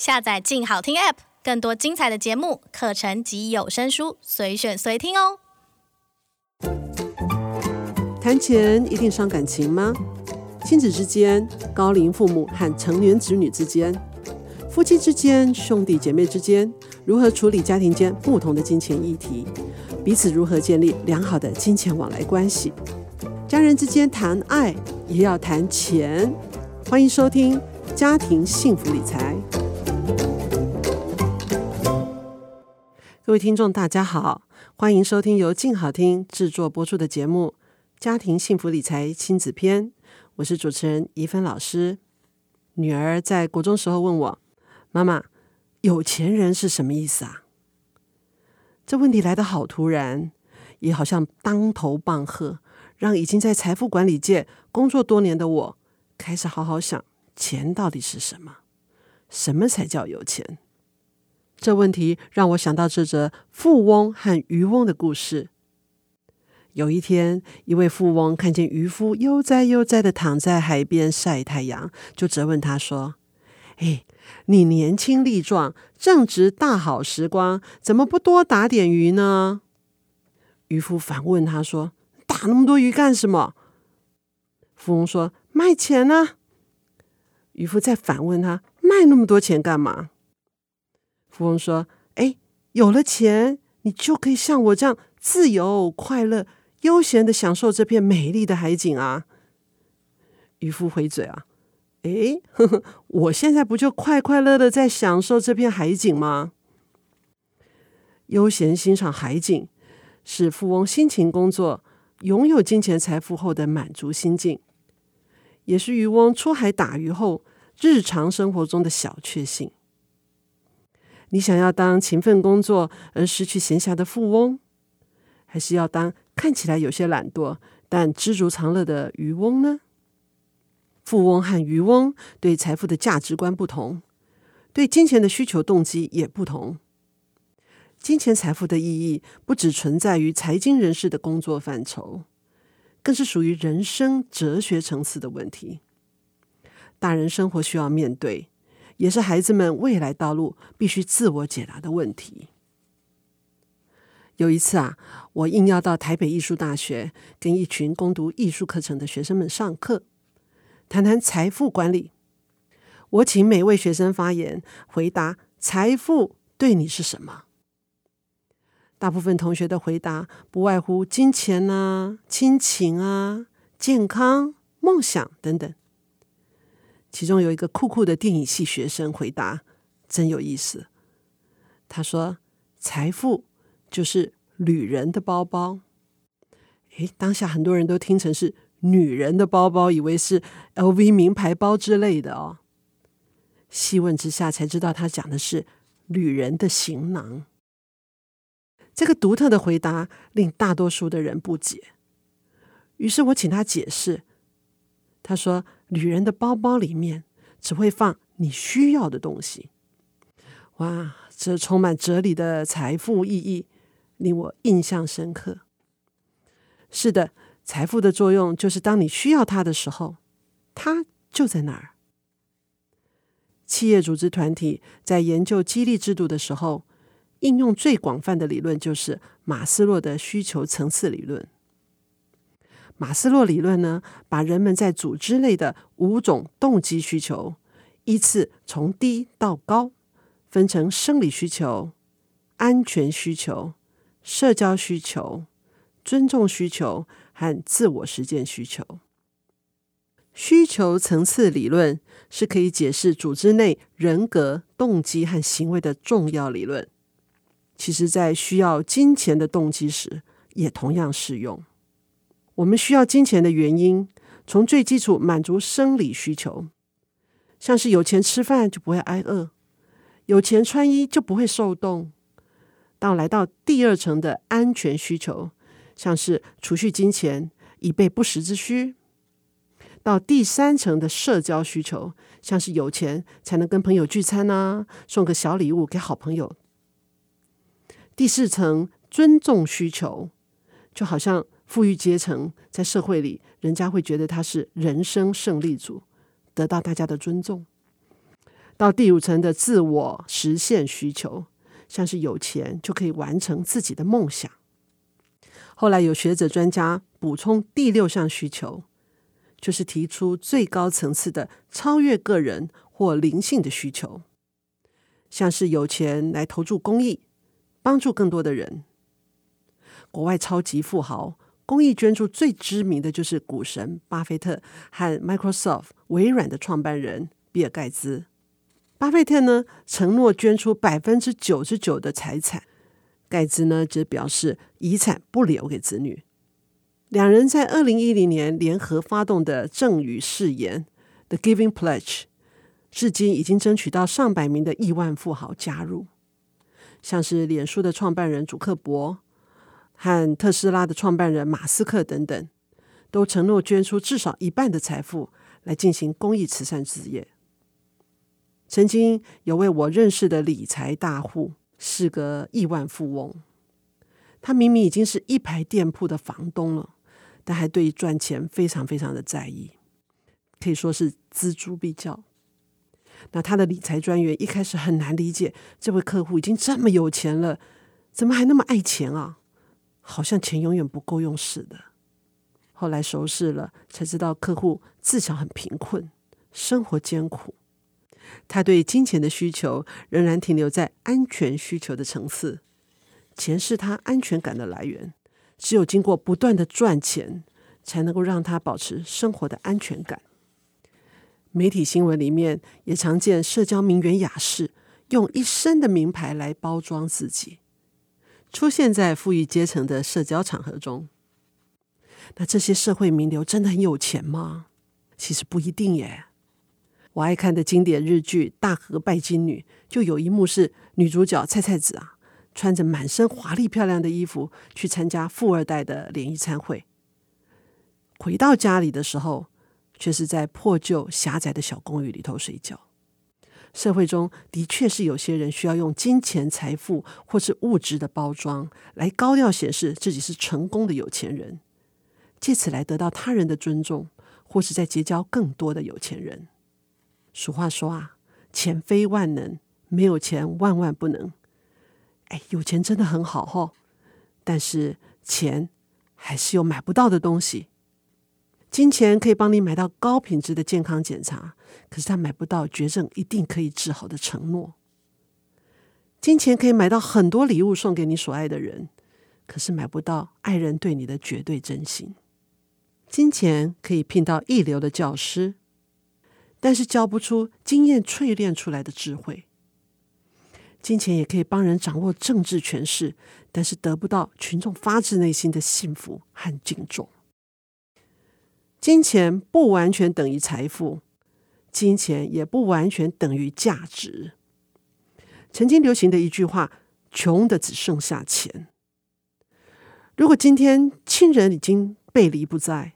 下載“鏡好聽 ”App，更多精彩的節目、課程及有聲書，隨選隨聽哦。談錢一定傷感情嗎？親子之間、高齡父母和成年子女之間、夫妻之間、兄弟姐妹之間，如何處理家庭間不同的金錢議題？彼此如何建立良好的金錢往來關係？家人之間談愛也要談錢。歡迎收聽《家庭幸福理財》。各位聽眾，大家好，歡迎收聽由靜好聽製作播出的節目《家庭幸福理財親子篇》，我是主持人怡芬老師。女兒在國中時候問我：“媽媽，有錢人是什麼意思啊？”這問題來得好突然，也好像當頭棒喝，讓已經在財富管理界工作多年的我開始好好想：錢到底是什麼？什麼才叫有錢？這問題讓我想到這則富翁和漁翁的故事。有一天，一位富翁看見漁夫悠哉悠哉的躺在海邊曬太陽，就責問他說：“哎，你年輕力壯，正值大好時光，怎麼不多打點魚呢？”漁夫反問他說：“打那麼多魚幹什麼？”富翁說：“賣錢呢。”漁夫再反問他：“賣那麼多錢幹嘛？”富翁說：“哎，有了錢，你就可以像我這樣自由、快樂、悠閒地享受這片美麗的海景啊！”漁夫回嘴啊：“哎，呵呵，我現在不就快快樂樂在享受這片海景嗎？悠閒欣賞海景，是富翁辛勤工作、擁有金錢財富後的滿足心境，也是漁翁出海打魚後日常生活中的小確幸。”你想要當勤奮工作而失去閒暇的富翁，還是要當看起來有些懶惰，但知足常樂的漁翁呢？富翁和漁翁對財富的價值觀不同，對金錢的需求動機也不同。金錢財富的意義不只存在於財經人士的工作範疇，更是屬於人生哲學層次的問題。大人生活需要面對，也是孩子們未來道路必須自我解答的問題。有一次啊，我應邀到台北藝術大學，跟一群攻讀藝術課程的學生們上課，談談財富管理。我請每位學生發言，回答財富對你是什麼？大部分同學的回答不外乎金錢啊、親情啊、健康、夢想等等。其中有一個酷酷的電影系學生回答，真有意思。他說：“財富就是旅人的包包。”誒，當下很多人都聽成是“女人的包包”，以為是 LV 名牌包之類的哦。細問之下才知道，他講的是旅人的行囊。這個獨特的回答令大多數的人不解。於是我請他解釋，他說。女人的包包裡面只會放你需要的東西。哇，這充滿哲理的財富意義令我印象深刻。是的，財富的作用就是當你需要它的時候，它就在那兒。企業組織團體在研究激勵制度的時候，應用最廣泛的理論就是馬斯洛的需求層次理論。馬斯洛理論呢，把人們在組織內的五種動機需求，依次從低到高，分成生理需求、安全需求、社交需求、尊重需求和自我實踐需求。需求層次理論是可以解釋組織內人格、動機和行為的重要理論。其實，在需要金錢的動機時，也同樣適用。我們需要金錢的原因，從最基礎滿足生理需求，像是有錢吃飯就不會挨餓，有錢穿衣就不會受凍，到來到第二層的安全需求，像是儲蓄金錢以備不時之需，到第三層的社交需求，像是有錢才能跟朋友聚餐啊，送個小禮物給好朋友。第四層尊重需求，就好像。富裕階層在社會裡，人家會覺得他是人生勝利組，得到大家的尊重。到第五層的自我實現需求，像是有錢就可以完成自己的夢想。後來有學者專家補充第六項需求，就是提出最高層次的超越個人或靈性的需求，像是有錢來投注公益，幫助更多的人。國外超級富豪，公益捐助最知名的就是股神巴菲特和 Microsoft 微軟的創辦人比爾蓋茨。巴菲特呢承諾捐出百分之九十九的財產，蓋茨呢則表示遺產不留給子女。兩人在二零一零年聯合發動的贈與誓言 The Giving Pledge，至今已經爭取到上百名的億萬富豪加入，像是臉書的創辦人祖克伯。和特斯拉的創辦人馬斯克等等，都承諾捐出至少一半的財富來進行公益慈善事業。曾經有位我認識的理財大戶是個億萬富翁，他明明已經是一排店鋪的房東了，但還對賺錢非常非常的在意，可以說是錙銖必較。那他的理財專員一開始很難理解，這位客戶已經這麼有錢了，怎麼還那麼愛錢啊？好像錢永遠不夠用似的。後來熟悉了，才知道客戶自小很貧困，生活艱苦。他對金錢的需求仍然停留在安全需求的層次，錢是他安全感的來源。只有經過不斷的賺錢，才能夠讓他保持生活的安全感。媒體新聞裡面也常見社交名媛雅士用一身的名牌來包裝自己。出現在富裕階層的社交場合中，那這些社會名流真的很有錢嗎？其實不一定耶。我愛看的經典日劇《大和拜金女》就有一幕是女主角菜菜子啊，穿着滿身華麗漂亮的衣服去參加富二代的聯誼餐會，回到家裡的時候，卻是在破舊狹窄的小公寓裡頭睡覺。社會中的確是有些人需要用金錢、財富或是物質的包裝，來高調顯示自己是成功的有錢人，借此來得到他人的尊重，或是在結交更多的有錢人。俗話說啊，錢非萬能，沒有錢萬萬不能。哎，有錢真的很好哦，但是錢還是有買不到的東西。金錢可以幫你買到高品質的健康檢查，可是他買不到絕症一定可以治好的承諾。金錢可以買到很多禮物送給你所愛的人，可是買不到愛人對你的絕對真心。金錢可以聘到一流的教師，但是教不出經驗淬煉出來的智慧。金錢也可以幫人掌握政治權勢，但是得不到群眾發自內心的幸福和敬重。金錢不完全等於財富，金錢也不完全等於價值。曾經流行的一句話：“窮的只剩下錢。”如果今天親人已經背離不在，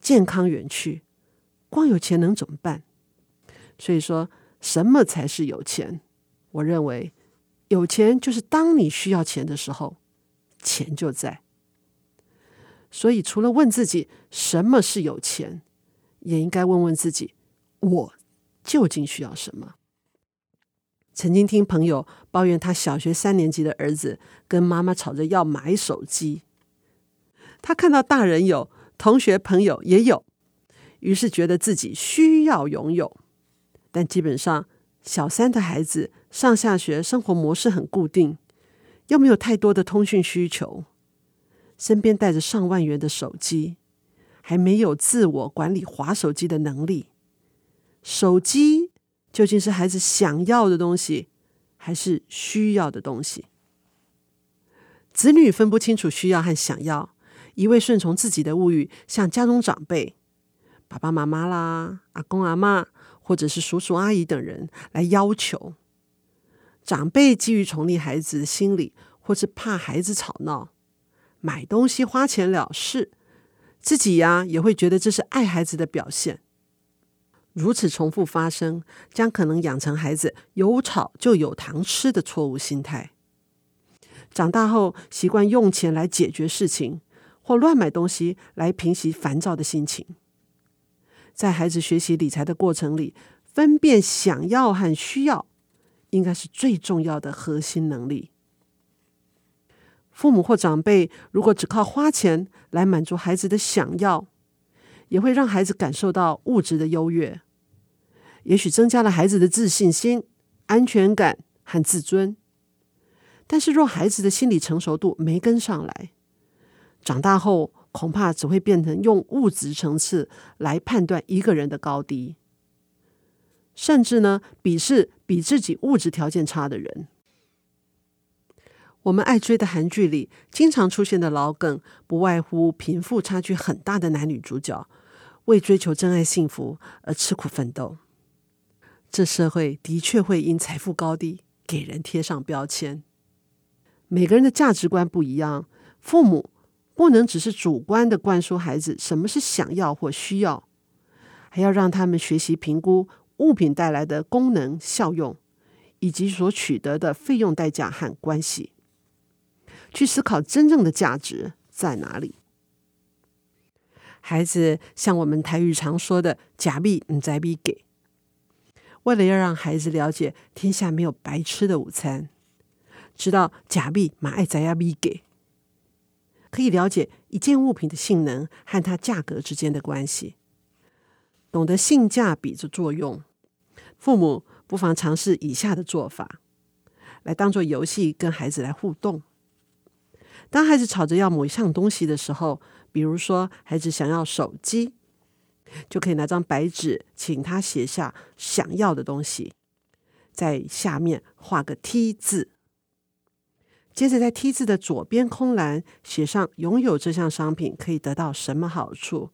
健康遠去，光有錢能怎麼辦？所以說什麼才是有錢？我認為，有錢就是當你需要錢的時候，錢就在。所以，除了問自己什麼是有錢，也應該問問自己，我究竟需要什麼？曾經聽朋友抱怨，他小學三年級的兒子跟媽媽吵着要買手機。他看到大人有，同學朋友也有，於是覺得自己需要擁有。但基本上，小三的孩子上下學、生活模式很固定，又沒有太多的通訊需求。身邊帶着上萬元的手機，還沒有自我管理滑手機的能力。手機究竟是孩子想要的東西，還是需要的東西？子女分不清楚需要和想要，一味順從自己的物欲，向家中長輩、爸爸媽媽啦、阿公阿嬤，或者是叔叔阿姨等人來要求。長輩基於寵溺孩子的心理，或是怕孩子吵鬧。買東西花錢了事，自己呀也會覺得這是愛孩子的表現。如此重複發生，將可能養成孩子有吵就有糖吃的錯誤心態。長大後習慣用錢來解決事情，或亂買東西來平息煩躁的心情。在孩子學習理財的過程裡，分辨想要和需要，應該是最重要的核心能力。父母或長輩如果只靠花錢來滿足孩子的想要，也會讓孩子感受到物質的優越，也許增加了孩子的自信心、安全感和自尊。但是，若孩子的心理成熟度沒跟上來，長大後恐怕只會變成用物質層次來判斷一個人的高低，甚至呢，鄙視比自己物質條件差的人。我們愛追的韓劇裡，經常出現的老梗，不外乎貧富差距很大的男女主角，為追求真愛幸福而吃苦奮鬥。這社會的確會因財富高低給人貼上標籤。每個人的價值觀不一樣，父母不能只是主觀地灌輸孩子什麼是想要或需要，還要讓他們學習評估物品帶來的功能效用，以及所取得的費用代價和關係。去思考真正的價值在哪裡。孩子像我們台語常說的“食米毋知米價”，為了要讓孩子了解天下沒有白吃的午餐，知道“食米嘛愛知米價”，可以了解一件物品的性能和它價格之間的關係，懂得性價比的作用。父母不妨嘗試以下的做法，來當做遊戲跟孩子來互動。當孩子吵着要某一項東西的時候，比如說孩子想要手機，就可以拿張白紙，請他寫下想要的東西，在下面畫個 T 字，接着在 T 字的左邊空欄寫上擁有這項商品可以得到什麼好處，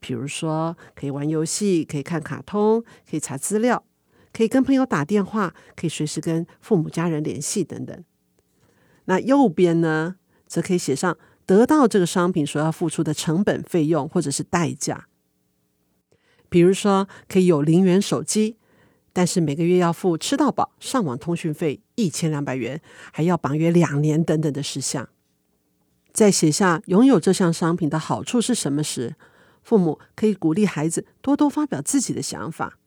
比如說可以玩遊戲，可以看卡通，可以查資料，可以跟朋友打電話，可以隨時跟父母家人聯繫等等。那右邊呢？則可以寫上得到這個商品所要付出的成本費用或者是代價，比如說可以有零元手機，但是每個月要付吃到飽上網通訊費一千兩百元，還要綁約兩年等等的事項。在寫下擁有這項商品的好處是什麼時，父母可以鼓勵孩子多多發表自己的想法，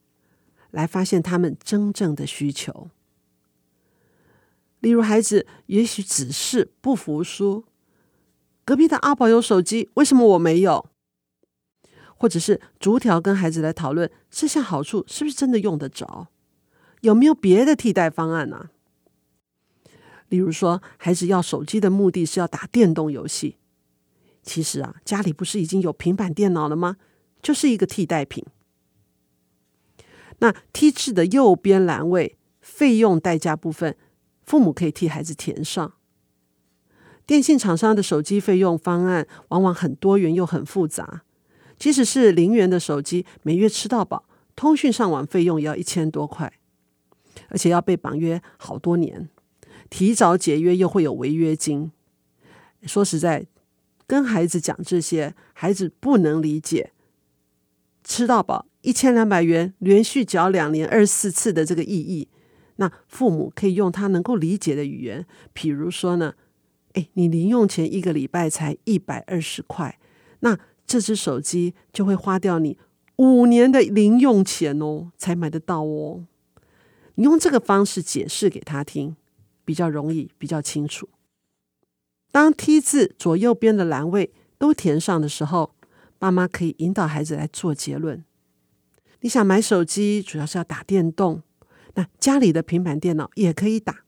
來發現他們真正的需求。例如，孩子也許只是不服輸。隔壁的阿寶有手機，為什麼我沒有？或者是逐條跟孩子來討論這項好處是不是真的用得着？有沒有別的替代方案呢、啊？例如說，孩子要手機的目的是要打電動遊戲，其實啊，家裡不是已經有平板電腦了嗎？就是一個替代品。那 T 字的右邊欄位費用代價部分。父母可以替孩子填上。電信廠商的手機費用方案往往很多元又很複雜，即使是零元的手機，每月吃到飽，通訊上網費用也要一千多塊，而且要被綁約好多年，提早解約又會有違約金。說實在，跟孩子講這些，孩子不能理解。吃到飽一千兩百元，連續繳兩年二十四次的這個意義。那父母可以用他能夠理解的語言，比如說呢，誒，你零用錢一個禮拜才一百二十塊，那這只手機就會花掉你五年的零用錢哦，才買得到哦。你用這個方式解釋給他聽，比較容易，比較清楚。當 T 字左右邊的欄位都填上的時候，爸媽可以引導孩子來做結論。你想買手機，主要是要打電動。那家裡的平板電腦也可以打，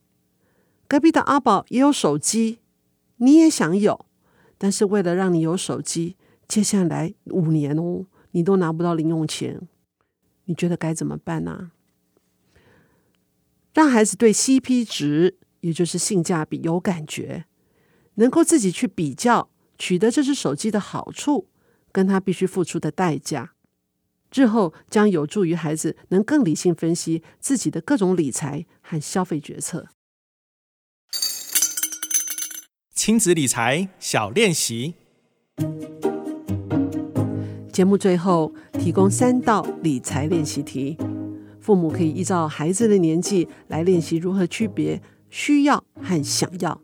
隔壁的阿寶也有手機，你也想有，但是為了讓你有手機，接下來五年哦，你都拿不到零用錢，你覺得該怎麼辦呢、啊？讓孩子對 CP 值，也就是性價比有感覺，能夠自己去比較，取得這隻手機的好處，跟他必須付出的代價。之後將有助於孩子能更理性分析自己的各種理財和消費決策。親子理財小練習，節目最後提供三道理財練習題，父母可以依照孩子的年紀來練習如何區別需要和想要。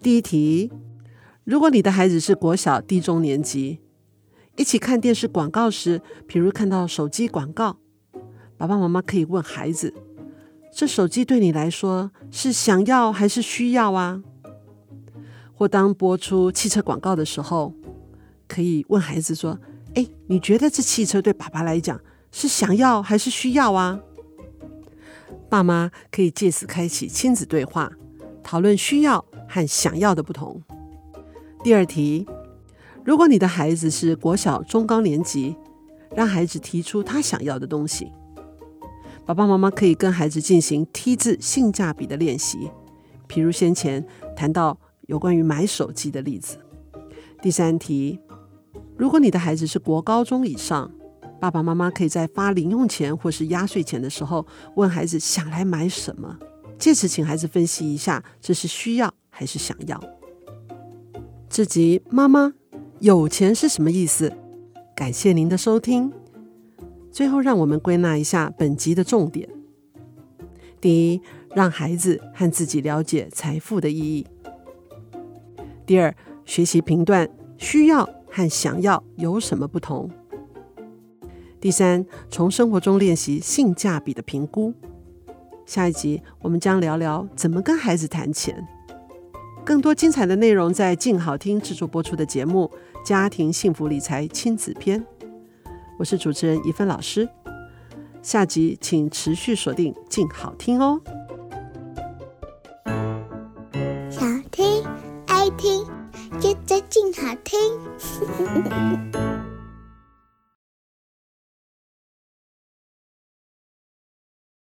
第一題：如果你的孩子是國小低中年級。一起看電視廣告時，比如看到手機廣告，爸爸媽媽可以問孩子：“這手機對你來說是想要還是需要啊？”或當播出汽車廣告的時候，可以問孩子說：“誒，你覺得這汽車對爸爸來講是想要還是需要啊？”爸媽可以借此開啟親子對話，討論需要和想要的不同。第二題。如果你的孩子是國小中高年級，讓孩子提出他想要的東西，爸爸媽媽可以跟孩子進行梯子性價比的練習，譬如先前談到有關於買手機的例子。第三題，如果你的孩子是國高中以上，爸爸媽媽可以在發零用錢或是壓歲錢的時候，問孩子想來買什麼，借此請孩子分析一下這是需要還是想要。這集媽媽。有錢是什麼意思？感謝您的收聽。最後，讓我們歸納一下本集的重點：第一，讓孩子和自己了解財富的意義；第二，學習評斷需要和想要有什麼不同；第三，從生活中練習性價比的評估。下一集我們將聊聊怎麼跟孩子談錢。更多精彩的內容在靜好聽制作播出的節目《家庭幸福理財親子篇》，我是主持人怡芬老師，下集請持續鎖定靜好聽哦。想聽愛聽，接着靜好聽。